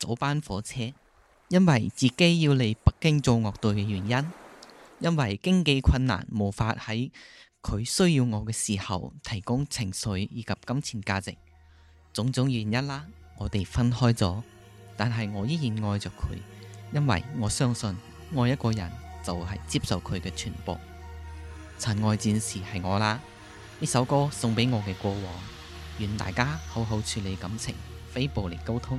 早班火車，因為自己要嚟北京做樂隊嘅原因，因為經濟困難無法喺佢需要我嘅時候提供情緒以及金錢價值，種種原因啦，我哋分開咗。但係我依然愛着佢，因為我相信愛一個人就係接受佢嘅全部。陳愛戰士係我啦，呢首歌送俾我嘅過往。願大家好好處理感情，非暴力溝通。